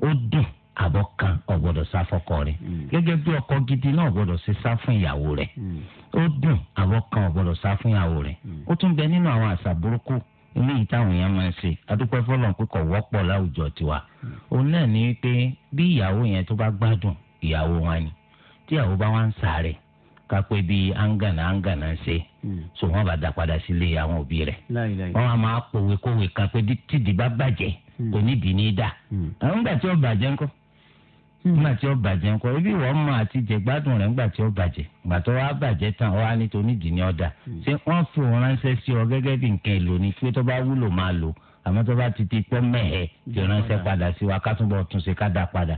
ó dùn àbọ̀ kan ọ̀gbọ́dọ̀ sá fọ́kọ rẹ̀ mm. gẹ́gẹ́ bí ọkọ gidi náà ọ̀gbọ́dọ̀ ṣe sá fún ìyàwó rẹ̀ mm. ó dùn àbọ̀ kan ọ̀gbọ́dọ̀ sá fún ìyàwó rẹ̀ mm. ó tún bẹ nínú àwọn àṣà burúkú eléyìí táwọn èèyàn máa ń ṣe adúpẹ́ fọlọ́n pé kò wọ́pọ̀ tiwa òun náà ní pé bí ìyàwó yẹn tó bá gbádùn ìyàwó wa ni tí ìyàwó bá wá ń sáré angana angana so wọ́n bá dá padà sílé àwọn òbí rẹ̀ wọ́n á máa pòwe kówe kan pé tìdí bá bàjẹ́ kò ní í dà àwọn Hmm. nígbà tí ó bàjẹ́ ńkọ ibi ìwọ ọmọ àti jẹ̀gbádùn rẹ̀ nígbà tí ó bàjẹ́ nígbà tó wá bàjẹ́ tán ó wá nítorí ìdìní ọ̀dà hmm. ṣé wọ́n fi òun ránṣẹ́ sí ọ gẹ́gẹ́ bí nǹkan èlò ni pé tó bá wúlò máa lò àmọ́ tó bá ti ti pọ́ mẹ́hẹ̀ tí ó ránṣẹ́ padà sí wa ká túnbọ̀ tún ṣe ká dá padà.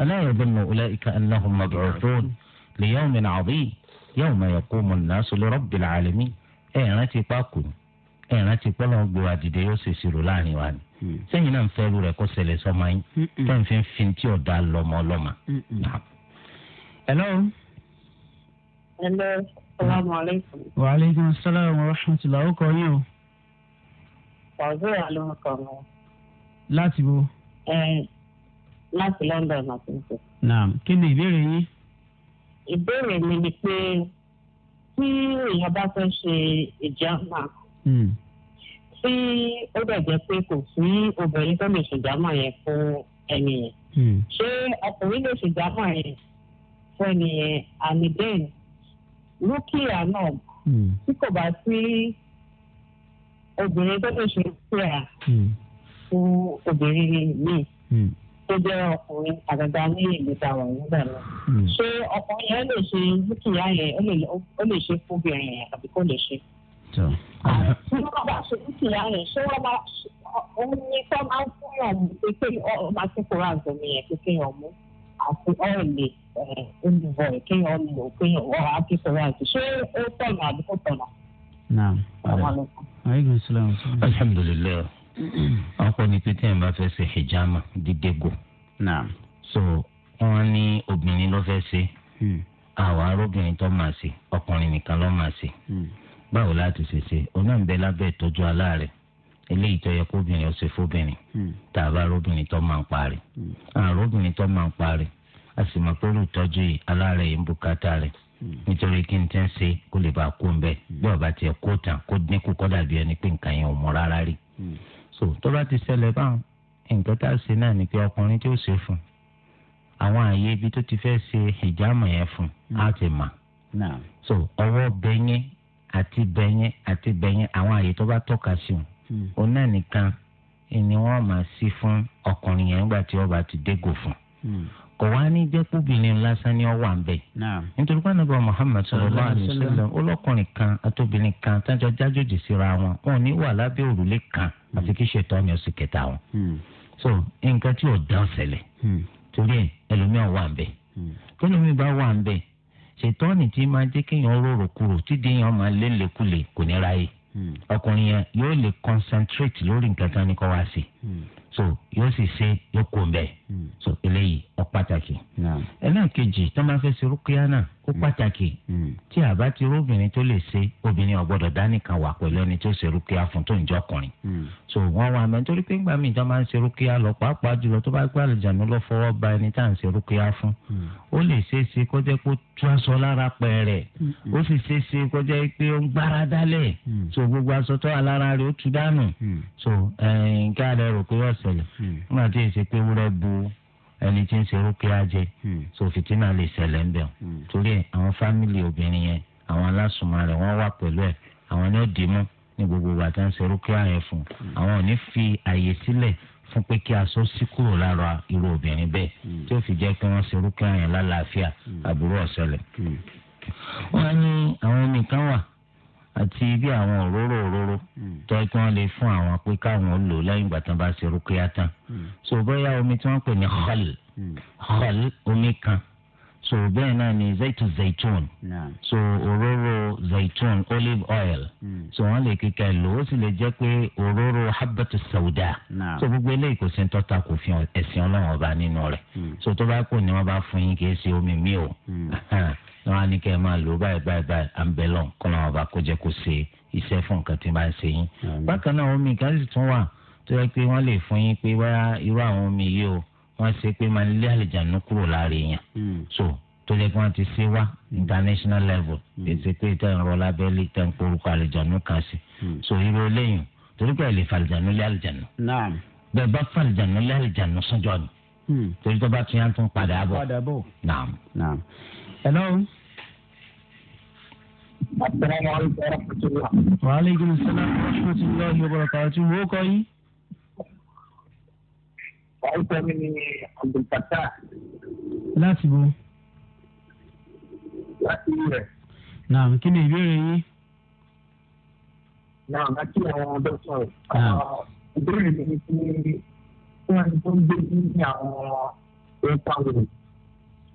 aláìrẹ̀dẹ̀mọ̀ ọ̀lẹ́ka ẹ̀nàhùn mọ̀bẹ̀rẹ̀fọ́n lè yẹ́wò mi nàá bí yẹ Mm. sẹ́yìn náà ń fẹ́ irú rẹ̀ kó ṣẹlẹ̀ sọ́mọ yín tẹ́ ń fi ń fi tí ò dá lọ́mọ lọ́mọ. hello. hello salaamaleykum. wa aleykum salaam wa rahmatulah ó kọ yín o. ọ̀gbìn àlọ́ ọkọ̀ mi. láti wo. láti London àti nìkan. naam kí ni ìbéèrè yín. ìbéèrè mi ni pé tí èèyàn bá fẹ́ ṣe ìjàmbá. Hmm tí ó dẹ̀ jẹ́ pé kò sí obìnrin tó lè ṣèjámọ̀ yẹn fún ẹni yẹn hmm. ṣé ọkùnrin lè ṣèjámọ̀ yẹn fún ẹni yẹn àmì dẹ́n rúkìá náà tí kò bá sí obìnrin tó lè ṣe rúkìá hmm. fún obìnrin míì hmm. tó jẹ́ ọkùnrin àgàgà ní ìlú táwọn ìlú bẹ̀rẹ̀ lọ. ṣé ọkùnrin yẹn lè ṣe dúkìá yẹn ó lè ṣe fún obìnrin yẹn àbí kò lè ṣe àṣekútù yà ni ṣé wọ́n máa òun ni tó máa ń fún yàn mú pé pé ọba tí kò rà nǹkan nìyẹn pé kéèyàn mú àti ọ̀ọ̀lì olùbọ̀ kéèyàn lò kéèyàn wọ́n á kí kò rà nǹkan ṣé ó tọ̀nà àbí kò tọ̀nà. naam aleykum salaam. alhamdulilayi ọkọ ni pété ẹ̀ bá fẹ́ ṣe hijama dídé go. naam. so wọn ní obìnrin ló fẹ́ ṣe hmm. àwọn arábìnrin tó máa ṣe ọkùnrin nìkan ló máa ṣe. Hmm báwo láti ṣe ṣe ọ̀nà ń bẹ lábẹ́ ìtọ́jú aláàrẹ̀ eléyìí tó yẹ kóbìnrin ọ̀sẹ̀ fóbìnrin hmm. tá a bá róbìnrin tó máa ń parí hmm. àrùn róbìnrin tó máa ń parí a sì mọ̀ pé olùtọ́jú yìí aláàrẹ̀ yìí ń bùkátà rẹ̀ hmm. nítorí kí n tẹ́ ń ṣe kó lè bá a kó ń bẹ̀ bí ọba tiẹ̀ kó tán kó dínkù kó dàbí ẹni pé nǹkan yẹn ò mọ rárá rí so tó bá ti ṣẹlẹ̀ báwọn nǹkan tá a ṣe náà ni pé ọkùnrin tí ó ṣe fún àwọn àyè ibi tó ti fẹ́ ṣe hijama yẹn fún á ti mà so ọwọ́ bẹ́yẹn àti bẹ̀yẹn àti bẹ̀yẹn àwọn àyè tó bá tọ́ka sí o hmm. òun náà nìkan ni wọ́n máa sí fún ọkùnrin yẹn nígbà tí ọba ti dégò fún hmm. kò wá ní jẹ́ kóbìnrin lásán ni ó wà ń bẹ̀. nítorí pé anábọ̀ Muhammad sallallahu alaihi wasallam ọlọ́kùnrin kan àtòbìnrin kan tájọ jájòjì síra wọn wọn ò ní wà lábẹ́ òrùlé kan hmm. àti kí ṣètò ọmọ oṣù kẹta wọn. so nǹkan tí ò dán ṣẹlẹ̀ torí ẹ̀ ẹlòmíràn wà ń bẹ̀. kí ẹlòmíràn bá wà ń bẹ̀ ṣètọ́ni tí máa jẹ́ kéèyàn rorò kúrò tíde yẹn máa lé lékulè kò ní ráyè hmm. ọkùnrin yẹn yóò lè concentrate lórí nǹkan kan ní kó wá sí hmm. so yóò sì ṣe yóò kó mbẹ hmm. so eléyìí ó pàtàkì ẹlẹ́ẹ̀kejì tó máa fẹ́ ṣe rúkìá náà ó mm. pàtàkì mm. tí àbá ti róbìnrin tó lè ṣe obìnrin ọ̀gbọ́dọ̀ dánìkan wà pẹ̀lú ẹni tó ṣe rúkìá fún tó ń jọkùnrin mm. so wọ́n wà mẹ́ nítorí pé ńgbà míì tó máa ń ṣe rúkìá lọ pàápàá jùlọ tó bá gbé àlùjánu lọ fọwọ́ ba ẹni tá à ń ṣe rúkìá fún ó lè ṣe é ṣe kó jẹ́ kó tú aṣọ lára pẹ̀rẹ̀ ó sì ṣe é ṣe kó jẹ́ pé ó ń gbára dálẹ̀ so gbogbo aṣọ tó wà lára rẹ̀ ó tú dànù so nǹkan àdàrò pé ọ̀sẹ̀ lẹ̀ ẹni tí ń ṣe rúkìá jẹ hmm. so fìtínà lè ṣẹlẹ̀ ń bẹ̀ hmm. torí àwọn fámìlì obìnrin yẹn àwọn alásùnmọ́ rẹ̀ wọ́n wà pẹ̀lú ẹ̀ àwọn ni ó dì í mú ní gbogbo ìgbà tó ń ṣe rúkìá yẹn fún hmm. àwọn ò ní fi àyè sílẹ̀ fún pé kí aṣọ sí kúrò lára irú obìnrin bẹ́ẹ̀ tí ó fi jẹ́ kí wọ́n ṣe rúkìá yẹn lálàáfíà àbúrò ọ̀sẹ̀lẹ̀. wọ́n ní àwọn omi kan wà àti bí àwọn òróró òróró hmm. tó kí wọ́n lè fún àwọn pé káwọn lò lẹ́yìn ìgbà tí wọ́n bá ṣe rúkúyà tán hmm. so bóyá omi tí wọ́n pè ní khal hmm. khal omi kan so bẹ́ẹ̀ náà ni zaitu zaitun so òróró zaitun olive oil so wọ́n lè kíkà lò ó sì lè jẹ́ pé òróró habatu sauda so gbogbo eléyìí kò sí ní tọ́ta kò fi ẹ̀sìn ọlọ́run ọba nínú rẹ̀ so tó bá kù ni wọ́n bá fún yín kì í ṣe omi mi o. náà á ní kẹ́ ẹ máa lò báyìí báyìí báyìí à ń bẹ lọ kọ́ làwọn bá kó jẹ́ kó ṣe iṣẹ́ fún nǹkan tí máa ń ṣe yín. bákan náà omi kan sì tún wà tó yẹ pé wọ́n lè fún yín pé wáyà irú àwọn omi yìí o wọ́n ṣe pé máa ń lé àlìjánu kúrò lára èèyàn. Hmm. so tó yẹ kí wọ́n ti ṣe wá international level èsì hmm. pé ìtàn ìrọ̀ lábẹ́lé ìtàn ìporúkọ àlìjánu kan sí. Hmm. so irú eléyìí torí pé ẹ lè fàlìjánu lé àlìjánu. bẹ́ẹ̀ bá fàlìjánu lé àlìjánu sọ́jọ́ ni. torí tó bá tún yá tún padà bọ̀. padà bọ̀. naam. naam hello. asalaamualeykum wa rahmatulah. wa aleykum salaam wa rahmatulah wa barakatu wo kọ́ yín. orúkọ mi ni abdulfatah. láti wo. láti rẹ̀. naam kí ni ìbéèrè yín. naam láti àwọn ọdọ sọ̀rọ̀. ìbéèrè mi ni kí wọ́n ń gbé ní àwọn ẹ̀ka wọ̀nyí.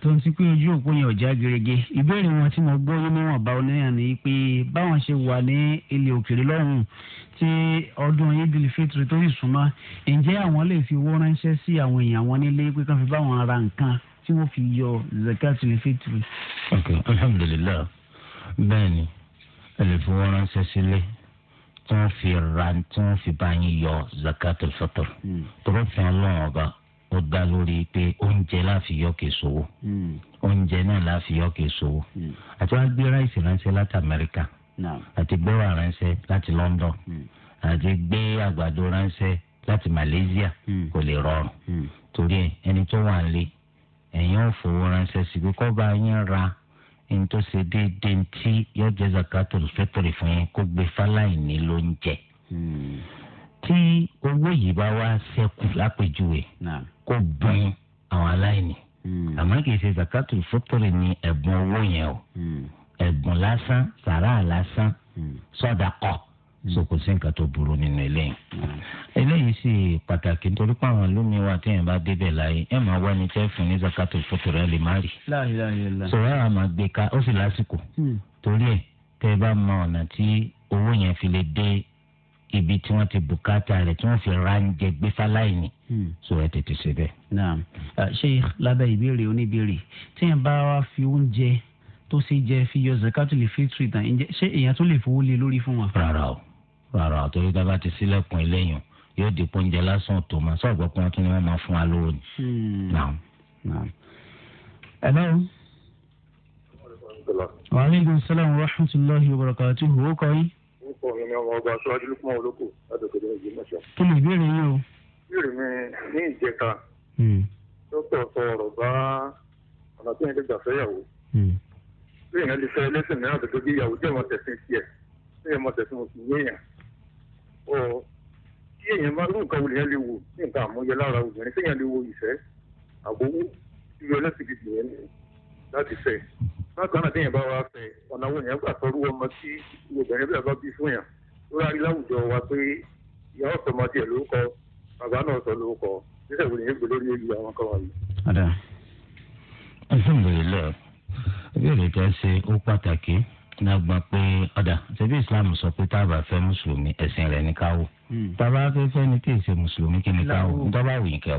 tó ń ti pé ojú òpó yẹn ò já gerege ìbéèrè wọn tí mo gbọ́ yín níwọ̀nba oníyàn ni pé báwọn ṣe wà ní ilé òkèèrè lọ́hùn tí ọdún idil fitri tó ìsúnmọ́ ǹjẹ́ àwọn lè fi owó ránṣẹ́ sí àwọn èèyàn wọn nílé pé kàn fi báwọn ra nǹkan tí wọ́n fi yọ zakatul fitri. ok alhamdulilayi bẹ́ẹ̀ ni ẹ lè fi owó ránṣẹ́ sílé tí wọ́n fi ra tí wọ́n fi bá yín yọ zakatul fitri hmm. tó bá fi hàn lọ́wọ́ ó dá lórí pé oúnjẹ láfi yọ kè sówó hmm. oúnjẹ náà láfi yọ kè sówó hmm. àti wọn gbé ráìsì ránṣẹ́ láti Amẹ́ríkà àti gbẹwà ránṣẹ́ láti London hmm. àti gbé àgbàdo ránṣẹ́ láti Malaysia kò lè rọrùn torí ẹni tó wà ń lé ẹ̀yin ò fowó ránṣẹ́ sí pé kọ́ bá yín ra ní tó ṣe déédéé tí yóò jẹ́ zakatul fẹ́tọ̀rì fún yín kó gbé fáláìní ló ń jẹ. tí owó yìí bá wá ṣẹ́kù lápèjúwe kó bùn àwọn aláìní hmm. àmọ́ kìí ṣe zakatul fitri ní ẹ̀bùn owó yẹn o hmm. ẹ̀bùn lásán sàrà lásán sọ́dàkọ̀ hmm. sọkò sí nǹkan tó burú nínú eléyìí eléyìí sì pàtàkì nítorí pé àwọn lómi wa téèyàn bá débẹ̀ láyé ẹ̀ máa wá ní tẹ́fún ní zakatul fitri ẹ̀ lè má rí sọ̀rọ̀ àwọn máa gbé ká ó sì lásìkò torí ẹ̀ tẹ́ bá mọ ọ̀nà tí owó yẹn fi lè dé ibi tí wọ́n ti bùkátà rẹ̀ tí wọ́n fi ránjẹ gbé fáláìní hmm. so ẹ tètè ṣe bẹ́ẹ̀. naam ṣé lábẹ́ ìbéèrè oníbéèrè tí yẹn bá wá fi oúnjẹ tó ṣe jẹ fi yọ zakatul fitri tán ṣé èèyàn tó lè fowó lé lórí fún wa. rárá o rárá o torí dábàá ti sílẹ̀kùn eléyìn yóò di oúnjẹ lásán tó máa sọ̀gbọ́n pé wọ́n tún ní wọ́n máa fún wa lówó ni. Hmm. naam naam. hello. wa aleykum rahmatulahi wa barakatuhu. o kọ́ yìí orúkọ mi ni ọmọ ọba aṣáájú lókùnmọ́ olóko ládòkèdè ìlú mẹ́ta. kí ni ìbéèrè yín o. ìbéèrè mi ní ìjẹta hmm. dókítà sọ ọ̀rọ̀ bá ọ̀nà tí yẹn lè gbà fẹ́yàwó. Hmm. bí èèyàn lè fẹ́ lẹ́sìn mìíràn tó gbé ìyàwó jẹ́ wọn tẹ̀sìn tiẹ̀ tí èèyàn mọ tẹ̀sìn oṣù yéèyàn. ọ kí èèyàn máa lóun kan wòlíyàn lè wò ní nǹkan àmúyẹ lára obìnrin tí èèyàn lè wo ìfẹ́ àbówó ìyọlẹ́sìn kìkì yẹn láti fẹ́ bákan náà téèyàn bá wa fẹ́ ọ̀nà wo yẹn gbà tọ́rú ọmọ sí obìnrin bẹ́ẹ̀ bá bí fún yàn tó rárí láwùjọ wa pé ìyá ọ̀sọ̀ ọmọ tiẹ̀ ló kọ bàbá náà sọ ló kọ nígbà wo yẹn gbé lórí èyí àwọn kan wà yìí. ọ̀dà alhamdulilayi ìbéèrè tẹ́ ṣe ó pàtàkì nàgbà pé ọ̀dà ṣebí islam sọ pé tá a bá fẹ́ mùsùlùmí ẹ̀sìn rẹ̀ ní ká hmm. tá a bá fẹ́ fẹ́ ni kí èsì mùsùlùmí kí ni ká wò ní tó bá wù yín kẹ́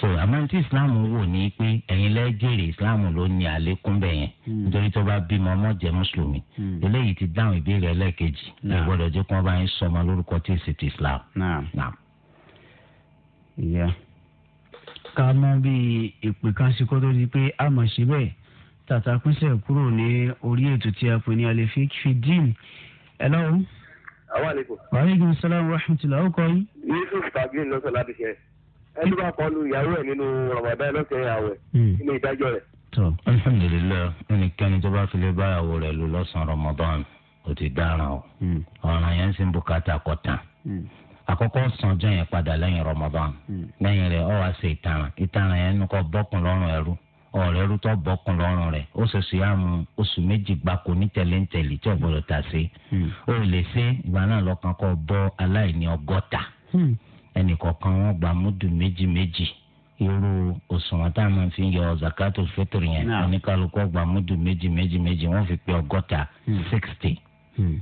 so àmọ́ tí islam wò ní pé ẹ̀yin lẹ́jẹ̀rẹ̀ islam ló ní àlékún bẹ̀ yẹn hmm. nítorí tó bá bímọ ọmọ jẹ́ mùsùlùmí hmm. eléyìí ti dáhùn ìbéèrè ẹlẹ́ẹ̀kejì ẹ gbọ́dọ̀ jẹ́ kí wọ́n bá yín sọmọ lórúkọ tí èsì ti islam. ká mọ bí ìpè kan sí kó tó di pé a mọ̀ sí bẹ́ẹ̀ tàtà pínṣẹ̀ kúrò ní orí ètò tí a pè ní alefik fidin ẹ lọ́wọ́. àwọn àlejò. wàhálà ẹni bá kọlu ìyàwó ẹ nínú Ramadan lọ́sẹ̀ àwẹ̀ hmm. nínú ìdájọ́ rẹ̀. tó alhamdulilayi ẹnikẹ́ni tó bá file báyàwó rẹ̀ lò lọ́sàn Ramadan ó ti dáràn o hmm. ọ̀ràn yẹn ń sin bùkátà kọ̀tàn hmm. àkọ́kọ́ sanjọ́ yẹn padà lẹ́yìn Ramadan lẹ́yìn rẹ̀ ọ wá ṣe ìtaràn ìtaràn yẹn nukọ bọ́kùn lọ́rùn ẹrú ọ̀rẹ́ rútọ́ bọ́kùn lọ́rùn rẹ̀ ó ṣe ṣe àmú oṣù méjì gbáko ní tẹ̀léńtẹ̀lé tí ọ̀gbọ́dọ̀ tà sí ó lè ṣe ìgbà náà lọ́kàn kọ́ bọ́ aláìní ọgọ́ta ẹnìkọ̀ọ̀kan wọn gba múdù méjì méjì irú òṣùwọ̀n tá a máa fi yọ zakato fẹ́tìrì yẹn oníkálukọ́ gba múdù méjì méjì méjì wọ́n fi pé ọgọ́ta hmm. sixty hmm.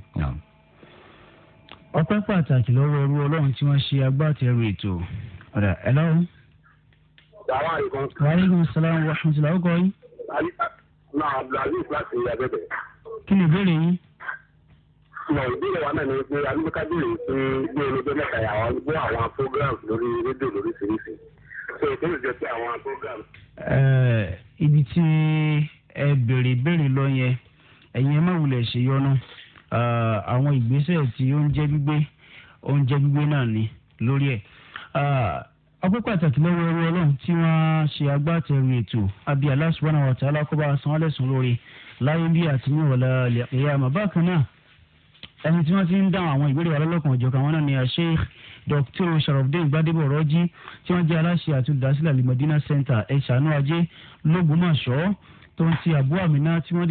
ọpẹ́ pàtàkì lọ́wọ́ ẹrú ọlọ́run tí wọ́n ṣe agbátẹrù ètò ọ̀dà ẹ lọ́wọ́. sàmà ìkan. wàhálà sàlámù wàhálà ọgọ́ yìí. náà abdulaziz láti ìyá bẹ́bẹ̀. kí ni ìbéèrè yín. mọ̀ ìbéèrè wa náà ni pé alúgbẹ́ká béèrè pé bí ẹnìjọ́ mẹ́ta àwọn gbọ́ àwọn programs lórí rédíò lóríṣiríṣi so ìbéèrè ibi tí ẹ lọ yẹn ẹ má wulẹ̀ ṣe yọnu àwọn ìgbésẹ̀ tí oúnjẹ gbígbé oúnjẹ gbígbé náà ni lórí ẹ̀ ọpẹ́ pàtàkì lọ́wọ́ ẹrú ẹni tí wọ́n ti ń dáhùn àwọn ìbéèrè ọlọ́lọ́kan ọ̀jọ̀kan wọn náà ni Sheikh Dr. sharafdin gbadebo rọ́jí tí wọ́n jẹ́ aláṣẹ àti olùdásílẹ̀ alimọ̀dínà center ẹ̀ṣánú ajé lọ́gbọ́mọ̀ṣọ́ tó ń ti àbú àmìnà tí wọ́n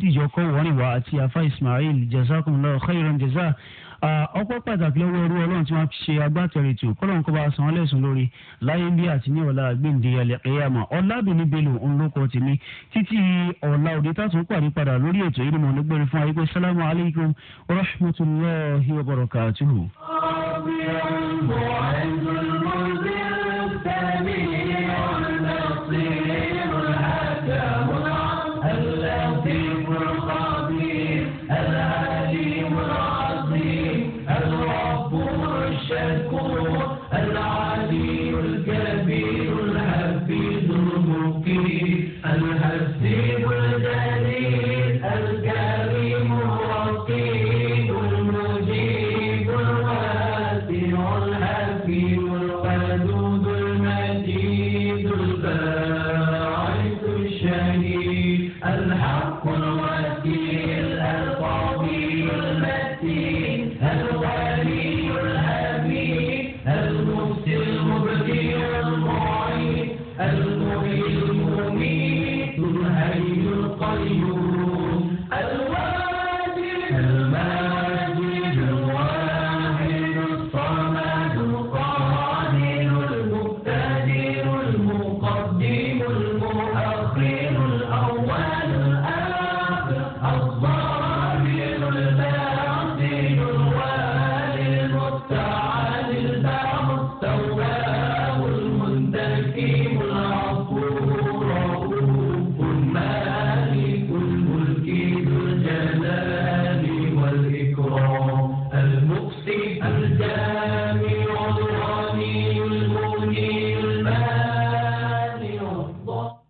dìjọ́ kọ́ wọ́nìwá àti afa Ismail jazakumullahu khairan jaza ọpẹ́ pàtàkì lọ́wọ́ ẹrú ọlọ́run tí wọ́n ṣe agbátẹrù ètò kọ́lọ́n kó san lẹ́sùn lórí láyé bí àti ní ọ̀la gbèǹde ẹlẹ́kẹ́yàmọ̀ ọ̀làbìnrin bello òǹlọ́kọ tèmi títí ọ̀la òde tàtún pàdé padà lórí ètò yìí ni fún ayíkó sálámù aleykum rahmatulahi wa barakatuhu. ọ̀gbìn ọ̀gbìn